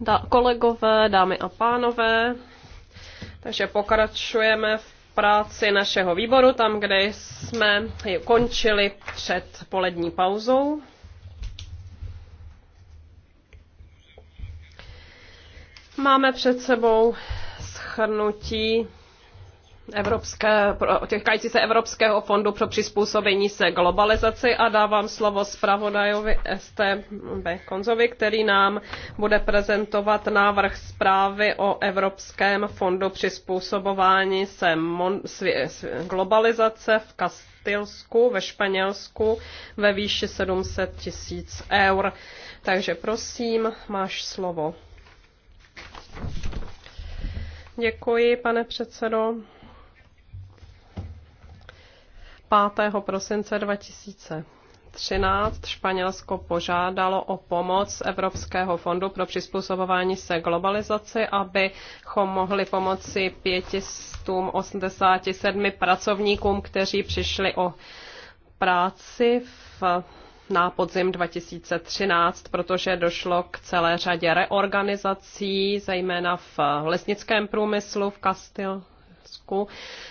Da, kolegové, dámy a pánové, takže pokračujeme v práci našeho výboru, tam, kde jsme končili před polední pauzou. Máme před sebou schrnutí evropské, týkající se Evropského fondu pro přizpůsobení se globalizaci a dávám slovo zpravodajovi ST Konzovi, který nám bude prezentovat návrh zprávy o Evropském fondu přizpůsobování se mon, svě, svě, globalizace v Kastilsku ve Španělsku ve výši 700 tisíc eur. Takže prosím, máš slovo. Děkuji, pane předsedo. 5. prosince 2013 Španělsko požádalo o pomoc Evropského fondu pro přizpůsobování se globalizaci, abychom mohli pomoci 587 pracovníkům, kteří přišli o práci v na podzim 2013, protože došlo k celé řadě reorganizací, zejména v lesnickém průmyslu v Kastilsku.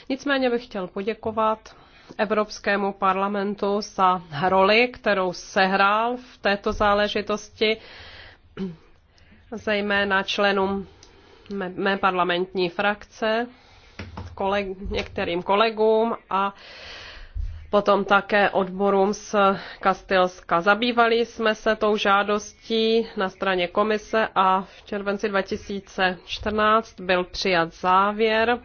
Nicméně bych chtěl poděkovat Evropskému parlamentu za roli, kterou sehrál v této záležitosti, zejména členům mé, mé parlamentní frakce, koleg, některým kolegům a potom také odborům z Kastilska. Zabývali jsme se tou žádostí na straně komise a v červenci 2014 byl přijat závěr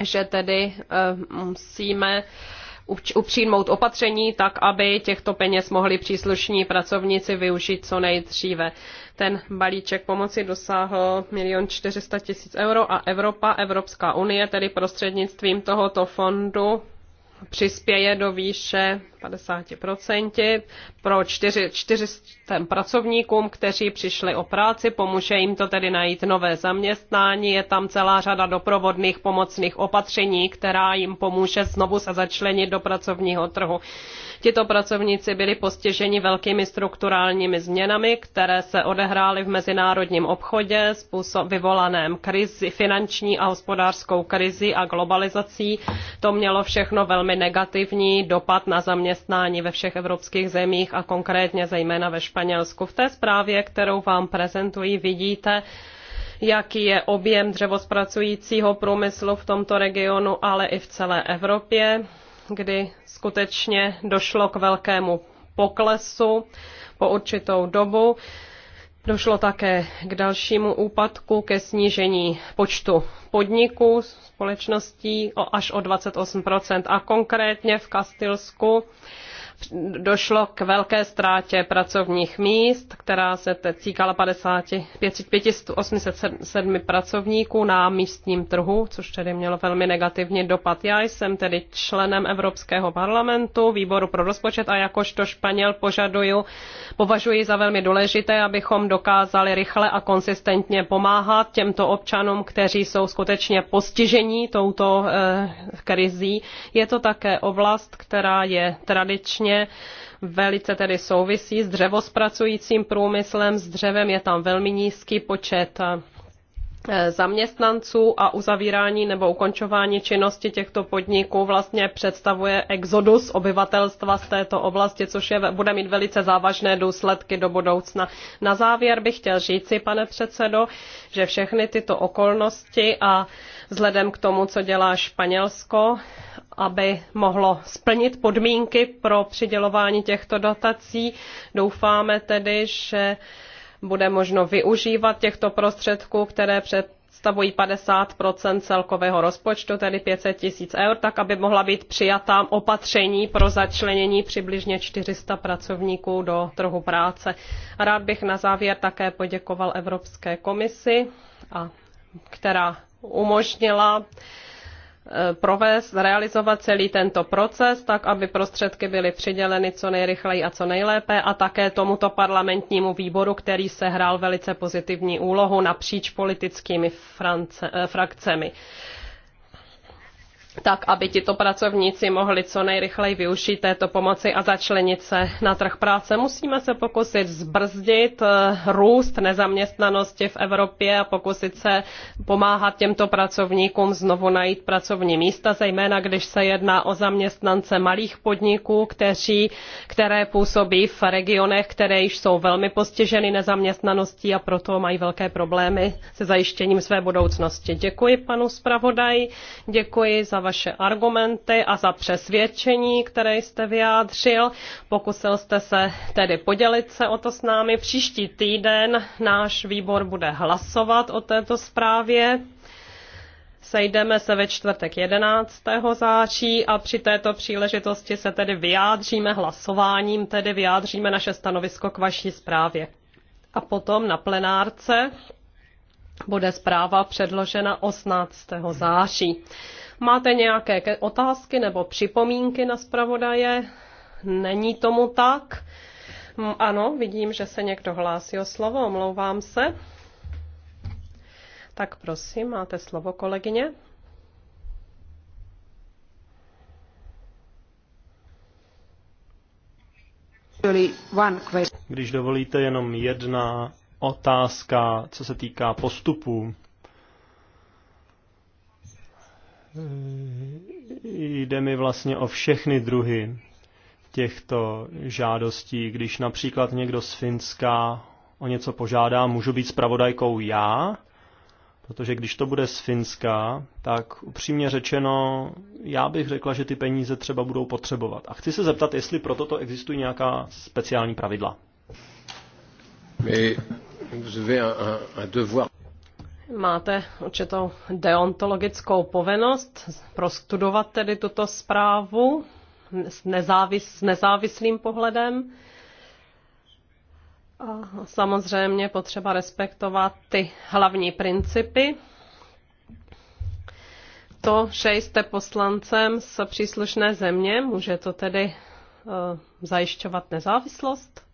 že tedy eh, musíme upřímout opatření tak, aby těchto peněz mohli příslušní pracovníci využít co nejdříve. Ten balíček pomoci dosáhl 1 400 000 euro a Evropa, Evropská unie, tedy prostřednictvím tohoto fondu přispěje do výše 50% pro 400 pracovníkům, kteří přišli o práci, pomůže jim to tedy najít nové zaměstnání. Je tam celá řada doprovodných pomocných opatření, která jim pomůže znovu se začlenit do pracovního trhu. Tito pracovníci byli postiženi velkými strukturálními změnami, které se odehrály v mezinárodním obchodě, způsob vyvolaném krizi, finanční a hospodářskou krizi a globalizací. To mělo všechno velmi velmi negativní dopad na zaměstnání ve všech evropských zemích a konkrétně zejména ve Španělsku. V té zprávě, kterou vám prezentuji, vidíte, jaký je objem dřevospracujícího průmyslu v tomto regionu, ale i v celé Evropě, kdy skutečně došlo k velkému poklesu po určitou dobu. Došlo také k dalšímu úpadku, ke snížení počtu podniků, společností o až o 28 a konkrétně v Kastilsku došlo k velké ztrátě pracovních míst, která se teď týkala 50, 507 pracovníků na místním trhu, což tedy mělo velmi negativní dopad. Já jsem tedy členem Evropského parlamentu, výboru pro rozpočet a jakožto Španěl požaduju, považuji za velmi důležité, abychom dokázali rychle a konsistentně pomáhat těmto občanům, kteří jsou skutečně postižení touto eh, krizí. Je to také oblast, která je tradičně obecně velice tedy souvisí s dřevospracujícím průmyslem, s dřevem je tam velmi nízký počet eh, zaměstnanců a uzavírání nebo ukončování činnosti těchto podniků vlastně představuje exodus obyvatelstva z této oblasti, což je, bude mít velice závažné důsledky do budoucna. Na závěr bych chtěl říci, pane předsedo, že všechny tyto okolnosti a vzhledem k tomu, co dělá Španělsko, aby mohlo splnit podmínky pro přidělování těchto dotací. Doufáme tedy, že bude možno využívat těchto prostředků, které představují 50 celkového rozpočtu, tedy 500 tisíc eur, tak aby mohla být přijatá opatření pro začlenění přibližně 400 pracovníků do trhu práce. Rád bych na závěr také poděkoval Evropské komisi, a, která umožnila Eh, provést, realizovat celý tento proces, tak aby prostředky byly přiděleny co nejrychleji a co nejlépe a také tomuto parlamentnímu výboru, který sehrál velice pozitivní úlohu napříč politickými france, eh, frakcemi tak aby tito pracovníci mohli co nejrychleji využít této pomoci a začlenit se na trh práce. Musíme se pokusit zbrzdit eh, růst nezaměstnanosti v Evropě a pokusit se pomáhat těmto pracovníkům znovu najít pracovní místa, zejména když se jedná o zaměstnance malých podniků, kteří, které působí v regionech, které již jsou velmi postiženy nezaměstnaností a proto mají velké problémy se zajištěním své budoucnosti. Děkuji panu zpravodaji, děkuji za vaše argumenty a za přesvědčení, které jste vyjádřil. Pokusil jste se tedy podělit se o to s námi. Příští týden náš výbor bude hlasovat o této zprávě. Sejdeme se ve čtvrtek 11. září a při této příležitosti se tedy vyjádříme hlasováním, tedy vyjádříme naše stanovisko k vaší zprávě. A potom na plenárce bude zpráva předložena 18. září. Máte nějaké otázky nebo připomínky na zpravodaje? Není tomu tak. Ano, vidím, že se někdo hlásí o slovo, omlouvám se. Tak prosím, máte slovo, kolegyně. Když dovolíte jenom jedna otázka, co se týká postupu jde mi vlastně o všechny druhy těchto žádostí. Když například někdo z Finska o něco požádá, můžu být spravodajkou já, protože když to bude z Finska, tak upřímně řečeno, já bych řekla, že ty peníze třeba budou potřebovat. A chci se zeptat, jestli pro toto existují nějaká speciální pravidla. Mais vous avez un, un, un devoir máte určitou deontologickou povinnost prostudovat tedy tuto zprávu s, nezávis, s nezávislým pohledem. A samozřejmě potřeba respektovat ty hlavní principy. To, že jste poslancem z příslušné země, může to tedy uh, zajišťovat nezávislost?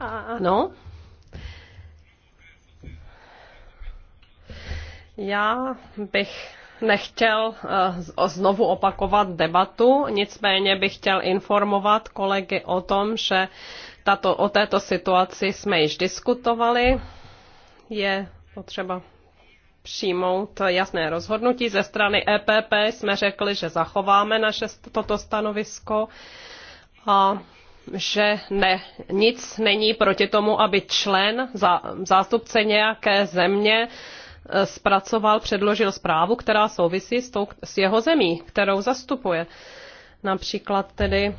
A, ano. Já bych nechtěl eh, znovu opakovat debatu, nicméně bych chtěl informovat kolegy o tom, že tato, o této situaci jsme již diskutovali. Je potřeba přijmout jasné rozhodnutí. Ze strany EPP jsme řekli, že zachováme naše toto stanovisko a že nic není proti tomu, aby člen, zástupce nějaké země eh, zpracoval, předložil zprávu, která souvisí s, tou, s jeho zemí, kterou zastupuje. Například tedy,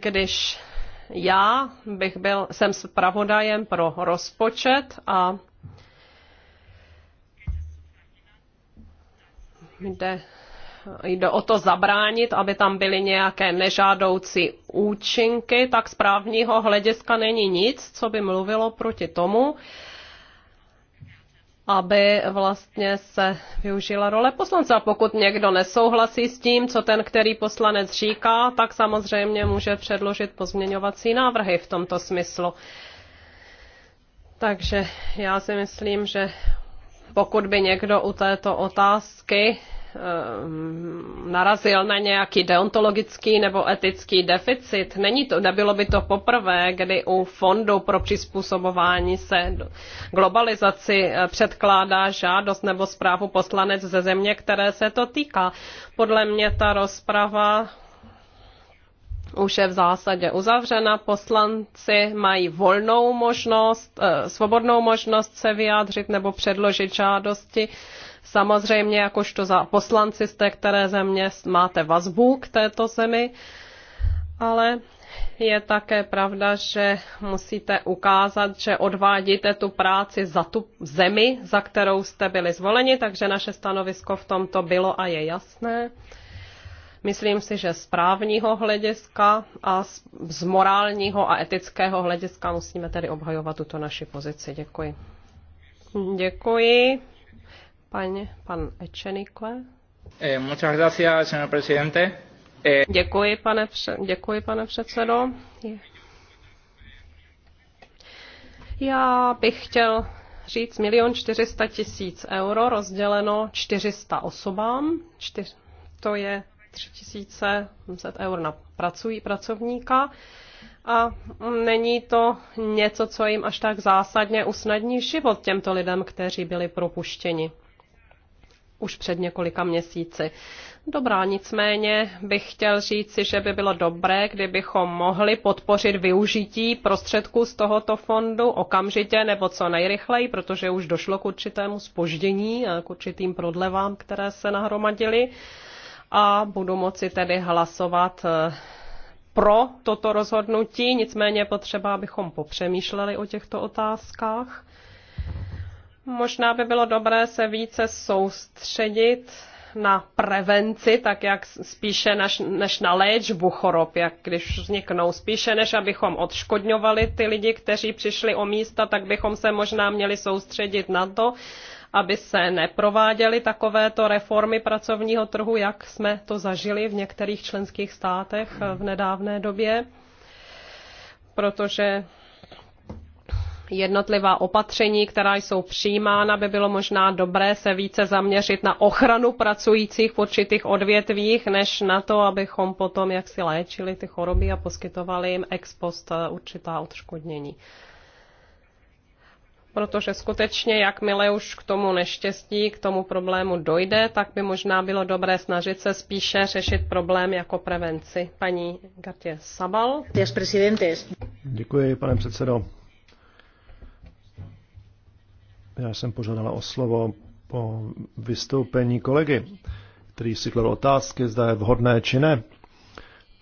když já bych byl, jsem zpravodajem pro rozpočet a jde jde o to zabránit, aby tam byly nějaké nežádoucí účinky, tak z právního hlediska není nic, co by mluvilo proti tomu, aby vlastně se využila role poslance. A pokud někdo nesouhlasí s tím, co ten který poslanec říká, tak samozřejmě může předložit pozměňovací návrhy v tomto smyslu. Takže já si myslím, že pokud by někdo u této otázky Ehm, narazil na nějaký deontologický nebo etický deficit. Není to, nebylo by to poprvé, kdy u Fondu pro přizpůsobování se globalizaci eh, předkládá žádost nebo zprávu poslanec ze země, které se to týká. Podle mě ta rozprava už je v zásadě uzavřena. Poslanci mají volnou možnost, eh, svobodnou možnost se vyjádřit nebo předložit žádosti. Samozřejmě, jakožto za poslanci z té které země máte vazbu k této zemi, ale je také pravda, že musíte ukázat, že odvádíte tu práci za tu zemi, za kterou jste byli zvoleni, takže naše stanovisko v tomto bylo a je jasné. Myslím si, že z právního hlediska a z morálního a etického hlediska musíme tedy obhajovat tuto naši pozici. Děkuji. Děkuji. Pan, pan Echenique. Eh, muchas gracias, señor presidente. Eh... Děkuji, pane, děkuji, pane předsedo. Já bych chtěl říct milion 400 tisíc euro rozděleno 400 osobám. Čtyř, to je 3700 eur na pracují pracovníka a není to něco, co jim až tak zásadně usnadní život těmto lidem, kteří byli propuštěni už před několika měsíci. Dobrá, nicméně bych chtěl říci, že by bylo dobré, kdybychom mohli podpořit využití prostředků z tohoto fondu okamžitě nebo co nejrychleji, protože už došlo k určitému spoždění a k určitým prodlevám, které se nahromadily a budu moci tedy hlasovat eh, pro toto rozhodnutí, nicméně je potřeba, abychom popřemýšleli o těchto otázkách. Možná by bylo dobré se více soustředit na prevenci, tak jak spíše než, než na léčbu chorob, jak když vzniknou. Spíše než abychom odškodňovali ty lidi, kteří přišli o místa, tak bychom se možná měli soustředit na to, aby se neprováděly takovéto reformy pracovního trhu, jak jsme to zažili v některých členských státech eh, v nedávné době, protože jednotlivá opatření, která jsou přijímána, by bylo možná dobré se více zaměřit na ochranu pracujících v určitých odvětvích, než na to, abychom potom jaksi léčili ty choroby a poskytovali jim ex post eh, určitá odškodnění protože skutečně jakmile už k tomu neštěstí, k tomu problému dojde, tak by možná bylo dobré snažit se spíše řešit problém jako prevenci. Paní Gatě Sabal. Děkuji, pane předsedo. Já jsem požádala o slovo po vystoupení kolegy, který si kladl otázky, zda je vhodné či ne,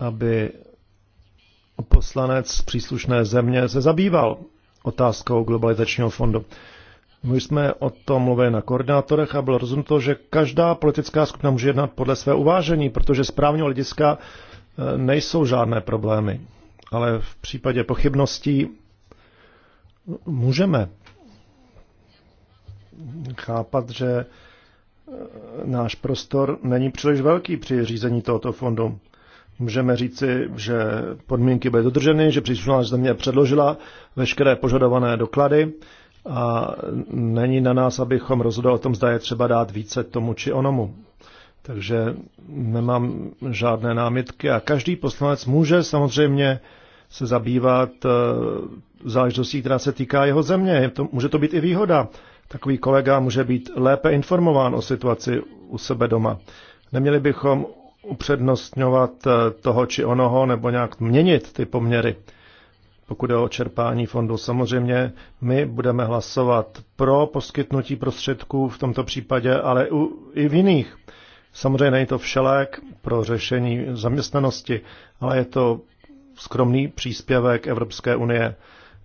aby poslanec příslušné země se zabýval otázkou globalizačního fondu. My jsme o tom mluvili na koordinátorech a bylo rozhodnuto, že každá politická skupina může jednat podle své uvážení, protože z právního hlediska e, nejsou žádné problémy. Ale v případě pochybností můžeme chápat, že e, náš prostor není příliš velký při řízení tohoto fondu můžeme říci, že podmínky byly dodrženy, že příslušná země předložila veškeré požadované doklady a není na nás, abychom rozhodli o tom, zda je třeba dát více tomu či onomu. Takže nemám žádné námitky a každý poslanec může samozřejmě se zabývat eh, záležitostí, která se týká jeho země. Je to, může to být i výhoda. Takový kolega může být lépe informován o situaci u sebe doma. Neměli bychom upřednostňovat eh, toho či onoho nebo nějak měnit ty poměry. Pokud je o čerpání fondu, samozřejmě my budeme hlasovat pro poskytnutí prostředků v tomto případě, ale i v jiných. Samozřejmě není to všelék pro řešení zaměstnanosti, ale je to skromný příspěvek Evropské unie,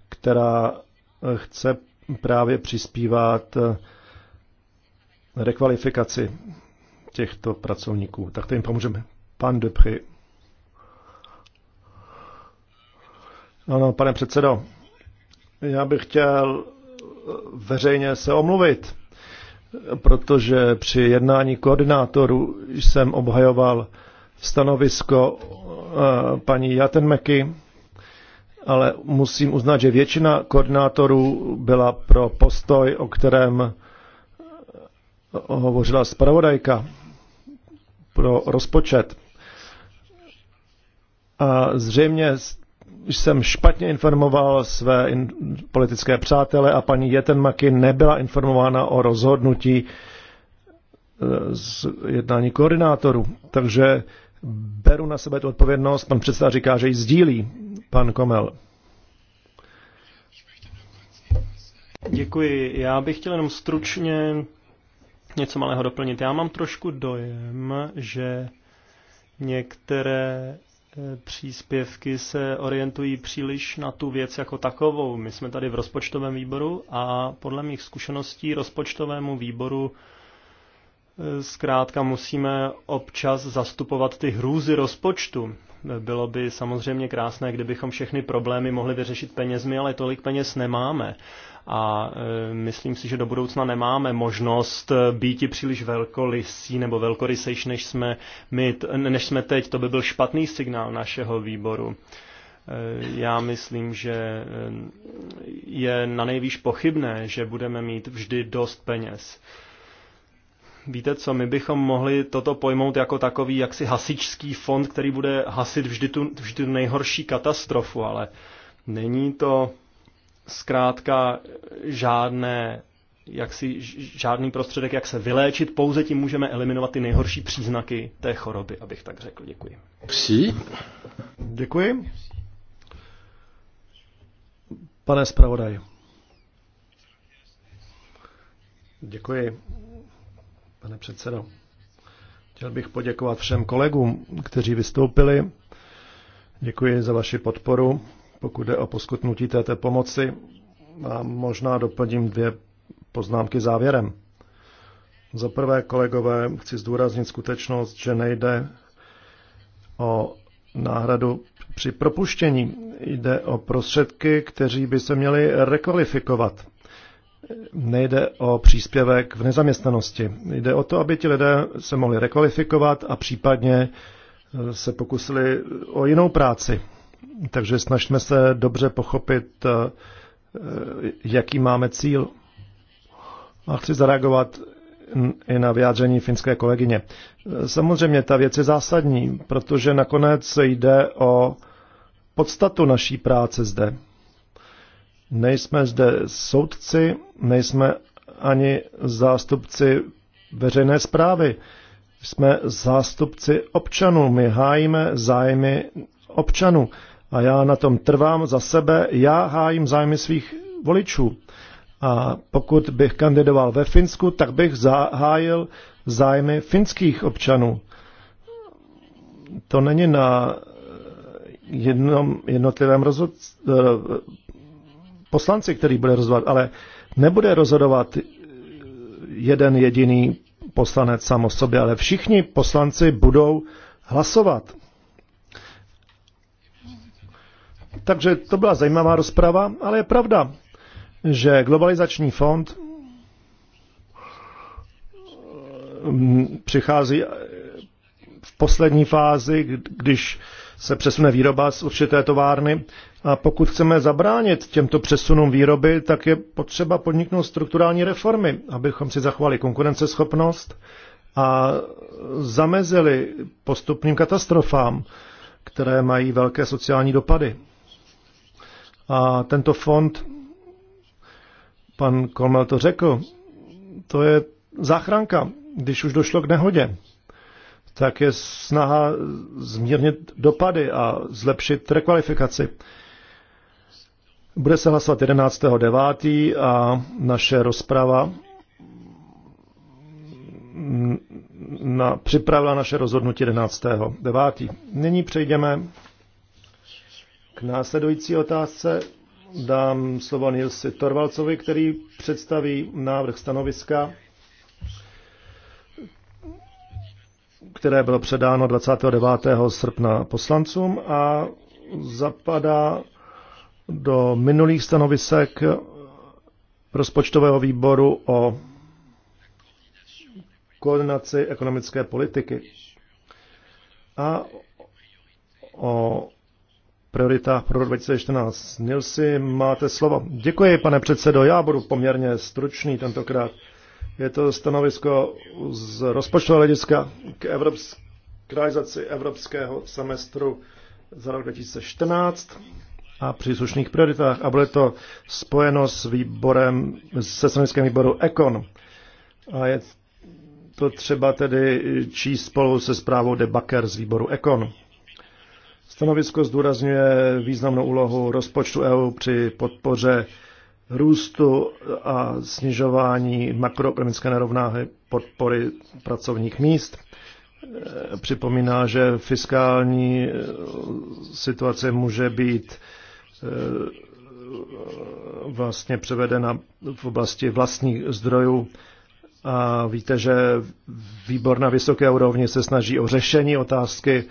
která eh, chce právě přispívat eh, rekvalifikaci těchto pracovníků. Tak to jim pomůžeme. Pan Depry. Ano, pane předsedo, já bych chtěl veřejně se omluvit, protože při jednání koordinátorů jsem obhajoval stanovisko eh, paní Jatenmeky, ale musím uznat, že většina koordinátorů byla pro postoj, o kterém hovořila zpravodajka pro rozpočet. A zřejmě jsem špatně informoval své in, politické přátele a paní Jetenmaky nebyla informována o rozhodnutí e, z jednání koordinátorů. Takže beru na sebe tu odpovědnost. Pan předseda říká, že ji sdílí pan Komel. Děkuji. Já bych chtěl jenom stručně něco malého doplnit. Já mám trošku dojem, že některé eh, příspěvky se orientují příliš na tu věc jako takovou. My jsme tady v rozpočtovém výboru a podle mých zkušeností rozpočtovému výboru eh, zkrátka musíme občas zastupovat ty hrůzy rozpočtu. Bylo by samozřejmě krásné, kdybychom všechny problémy mohli vyřešit penězmi, ale tolik peněz nemáme. A e, myslím si, že do budoucna nemáme možnost e, být příliš velkolisí nebo velkorysejší, než jsme, my, než jsme teď. To by byl špatný signál našeho výboru. E, já myslím, že je na nejvýš pochybné, že budeme mít vždy dost peněz víte co, my bychom mohli toto pojmout jako takový jaksi hasičský fond, který bude hasit vždy tu, vždy tu nejhorší katastrofu, ale není to zkrátka žádné jaksi žádný prostředek, jak se vyléčit, pouze tím můžeme eliminovat ty nejhorší příznaky té choroby, abych tak řekl. Děkuji. Psí. Děkuji. Pane zpravodaj. Děkuji pane předsedo. Chtěl bych poděkovat všem kolegům, kteří vystoupili. Děkuji za vaši podporu, pokud jde o poskutnutí této pomoci. A možná doplním dvě poznámky závěrem. Za prvé, kolegové, chci zdůraznit skutečnost, že nejde o náhradu při propuštění. Jde o prostředky, kteří by se měli rekvalifikovat nejde o příspěvek v nezaměstnanosti. Jde o to, aby ti lidé se mohli rekvalifikovat a případně eh, se pokusili o jinou práci. Takže snažíme se dobře pochopit, eh, eh, jaký máme cíl. A chci zareagovat i na vyjádření finské kolegyně. Samozřejmě ta věc je zásadní, protože nakonec jde o podstatu naší práce zde. Nejsme zde soudci, nejsme ani zástupci veřejné zprávy. Jsme zástupci občanů, my hájíme zájmy občanů. A já na tom trvám za sebe, já hájím zájmy svých voličů. A pokud bych kandidoval ve Finsku, tak bych zahájil zájmy finských občanů. To není na jednom jednotlivém rozhod, poslanci, který bude rozhodovat, ale nebude rozhodovat jeden jediný poslanec sám o sobě, ale všichni poslanci budou hlasovat. Takže to byla zajímavá rozprava, ale je pravda, že globalizační fond mm, přichází v poslední fázi, když se přesune výroba z určité továrny. A pokud chceme zabránit těmto přesunům výroby, tak je potřeba podniknout strukturální reformy, abychom si zachovali konkurenceschopnost a zamezili postupným katastrofám, které mají velké sociální dopady. A tento fond, pan Kolmel to řekl, to je záchranka, když už došlo k nehodě tak je snaha zmírnit dopady a zlepšit rekvalifikaci. Bude se hlasovat 11.9. a naše rozprava na, připravila naše rozhodnutí 11.9. Nyní přejdeme k následující otázce. Dám slovo Nilsi Torvalcovi, který představí návrh stanoviska které bylo předáno 29. srpna poslancům a zapadá do minulých stanovisek rozpočtového výboru o koordinaci ekonomické politiky a o prioritách pro 2014. Nilsi, máte slovo. Děkuji, pane předsedo. Já budu poměrně stručný tentokrát. Je to stanovisko z rozpočtového hlediska k evropské k realizaci evropského semestru za rok 2014 a příslušných prioritách a bude to spojeno s výborem, se stanoviskem výboru ECON. A je to třeba tedy číst spolu se zprávou De Bakker z výboru ECON. Stanovisko zdůrazňuje významnou úlohu rozpočtu EU při podpoře růstu a snižování makroekonomické nerovnáhy podpory pracovních míst. Eh, připomíná, že fiskální eh, situace může být eh, vlastně převedena v oblasti vlastních zdrojů. A víte, že výbor na vysoké úrovni se snaží o řešení otázky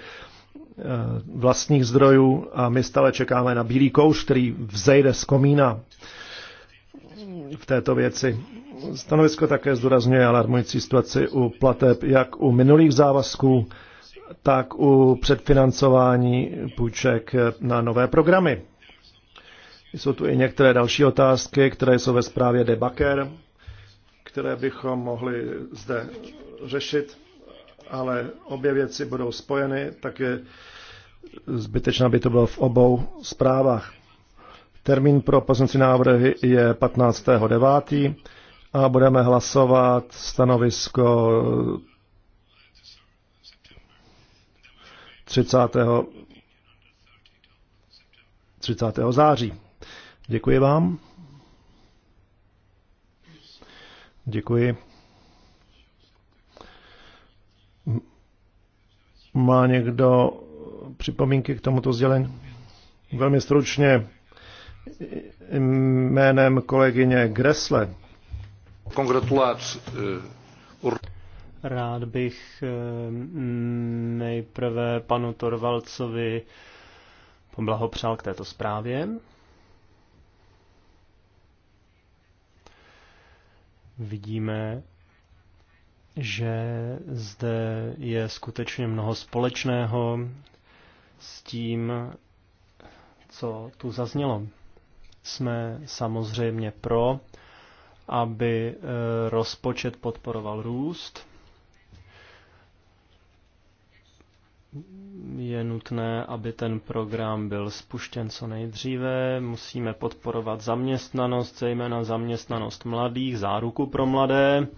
vlastních zdrojů a my stále čekáme na bílý kouš, který vzejde z komína v této věci. Stanovisko také zdůrazňuje alarmující situaci u plateb jak u minulých závazků, tak u předfinancování půjček na nové programy. Jsou tu i některé další otázky, které jsou ve zprávě Debaker, které bychom mohli zde řešit, ale obě věci budou spojeny, tak je zbytečné, by to bylo v obou zprávách. Termín pro pozemci návrhy je 15.9. a budeme hlasovat stanovisko 30. 30. září. Děkuji vám. Děkuji. Má někdo připomínky k tomuto sdělení? Velmi stručně jménem kolegyně Gresle. Eh, Rád bych eh, nejprve panu Torvalcovi poblahopřál k této zprávě. Vidíme, že zde je skutečně mnoho společného s tím, co tu zaznělo jsme samozřejmě pro, aby eh, rozpočet podporoval růst. Je nutné, aby ten program byl spuštěn co nejdříve. Musíme podporovat zaměstnanost, zejména zaměstnanost mladých, záruku pro mladé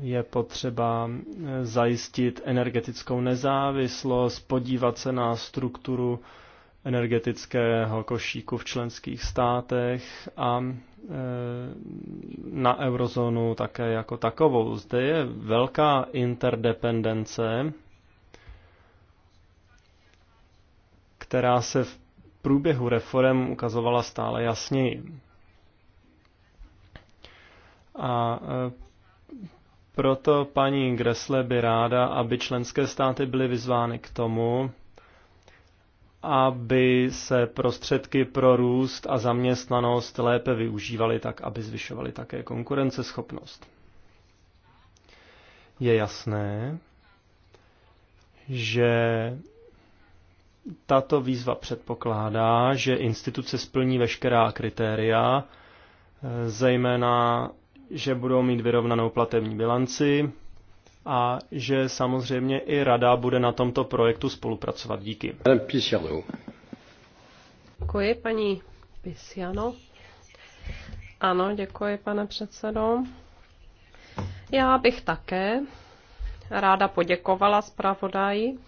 je potřeba eh, zajistit energetickou nezávislost, podívat se na strukturu energetického košíku v členských státech a e, na eurozónu také jako takovou. Zde je velká interdependence, která se v průběhu reform ukazovala stále jasněji. A e, proto paní Gresle by ráda, aby členské státy byly vyzvány k tomu, aby se prostředky pro růst a zaměstnanost lépe využívaly tak, aby zvyšovaly také konkurenceschopnost. Je jasné, že tato výzva předpokládá, že instituce splní veškerá kritéria, eh, zejména, že budou mít vyrovnanou platební bilanci, a že samozřejmě i Rada bude na tomto projektu spolupracovat. Díky. Děkuji, paní Pisiano. Ano, děkuji, pane předsedo. Já bych také ráda poděkovala zpravodaji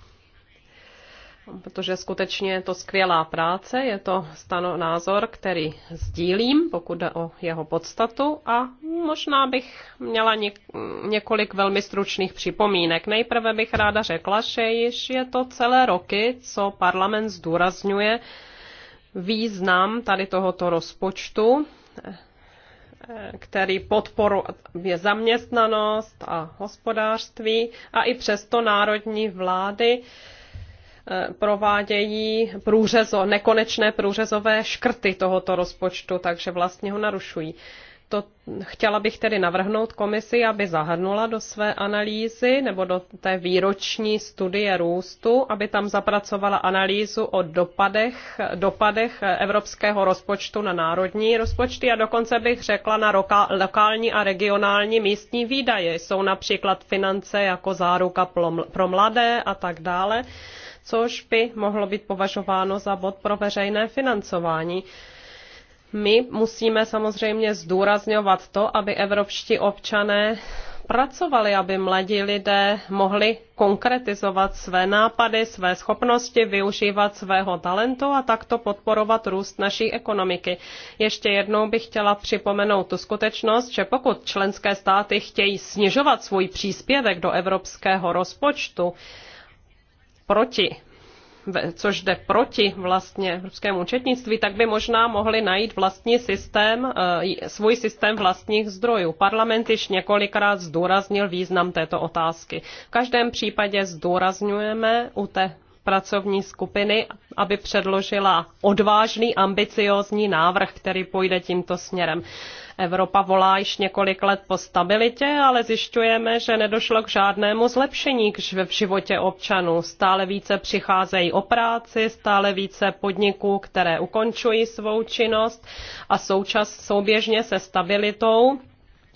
protože skutečně je to skvělá práce, je to stano, názor, který sdílím, pokud jde o jeho podstatu a možná bych měla něk- několik velmi stručných připomínek. Nejprve bych ráda řekla, že již je to celé roky, co parlament zdůrazňuje význam tady tohoto rozpočtu, který podporuje zaměstnanost a hospodářství a i přesto národní vlády provádějí průřezo, nekonečné průřezové škrty tohoto rozpočtu, takže vlastně ho narušují. To chtěla bych tedy navrhnout komisi, aby zahrnula do své analýzy nebo do té výroční studie růstu, aby tam zapracovala analýzu o dopadech, dopadech evropského rozpočtu na národní rozpočty a dokonce bych řekla na roka, lokální a regionální místní výdaje. Jsou například finance jako záruka pro mladé a tak dále což by mohlo být považováno za bod pro veřejné financování. My musíme samozřejmě zdůrazňovat to, aby evropští občané pracovali, aby mladí lidé mohli konkretizovat své nápady, své schopnosti, využívat svého talentu a takto podporovat růst naší ekonomiky. Ještě jednou bych chtěla připomenout tu skutečnost, že pokud členské státy chtějí snižovat svůj příspěvek do evropského rozpočtu, proti což jde proti vlastně evropskému účetnictví, tak by možná mohli najít vlastní systém, eh, svůj systém vlastních zdrojů. Parlament již několikrát zdůraznil význam této otázky. V každém případě zdůrazňujeme u té pracovní skupiny, aby předložila odvážný, ambiciózní návrh, který půjde tímto směrem. Evropa volá již několik let po stabilitě, ale zjišťujeme, že nedošlo k žádnému zlepšení v životě občanů. Stále více přicházejí o práci, stále více podniků, které ukončují svou činnost a součas souběžně se stabilitou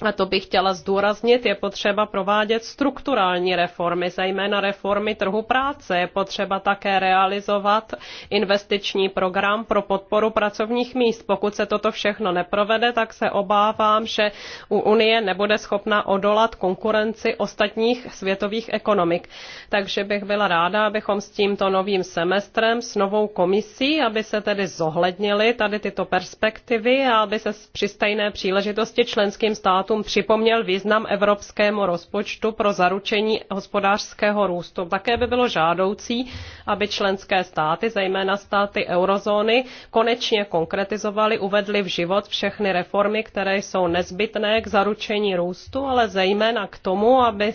a to bych chtěla zdůraznit, je potřeba provádět strukturální reformy, zejména reformy trhu práce. Je potřeba také realizovat investiční program pro podporu pracovních míst. Pokud se toto všechno neprovede, tak se obávám, že u Unie nebude schopna odolat konkurenci ostatních světových ekonomik. Takže bych byla ráda, abychom s tímto novým semestrem, s novou komisí, aby se tedy zohlednily tady tyto perspektivy a aby se při stejné příležitosti členským státům státům připomněl význam evropskému rozpočtu pro zaručení hospodářského růstu. Také by bylo žádoucí, aby členské státy, zejména státy eurozóny, konečně konkretizovaly, uvedly v život všechny reformy, které jsou nezbytné k zaručení růstu, ale zejména k tomu, aby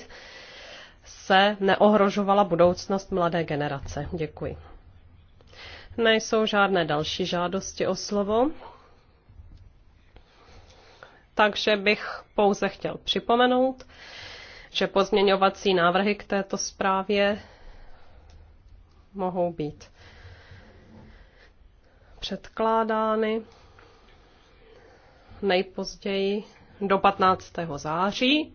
se neohrožovala budoucnost mladé generace. Děkuji. Nejsou žádné další žádosti o slovo. Takže bych pouze chtěl připomenout, že pozměňovací návrhy k této zprávě mohou být předkládány nejpozději do 15. září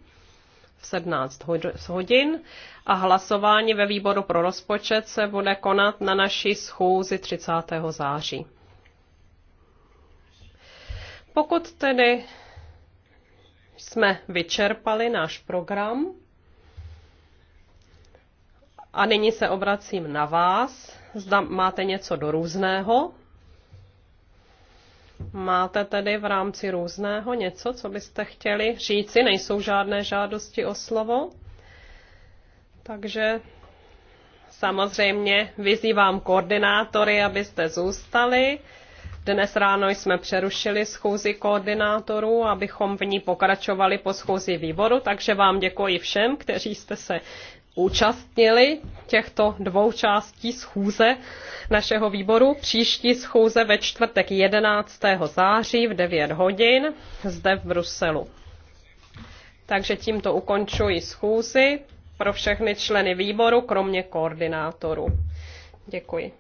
v 17 hodin a hlasování ve výboru pro rozpočet se bude konat na naší schůzi 30. září. Pokud tedy jsme vyčerpali náš program a nyní se obracím na vás. Zda máte něco do různého? Máte tedy v rámci různého něco, co byste chtěli říci? Nejsou žádné žádosti o slovo? Takže samozřejmě vyzývám koordinátory, abyste zůstali. Dnes ráno jsme přerušili schůzi koordinátorů, abychom v ní pokračovali po schůzi výboru, takže vám děkuji všem, kteří jste se účastnili těchto dvou částí schůze našeho výboru. Příští schůze ve čtvrtek 11. září v 9 hodin zde v Bruselu. Takže tímto ukončuji schůzi pro všechny členy výboru, kromě koordinátorů. Děkuji.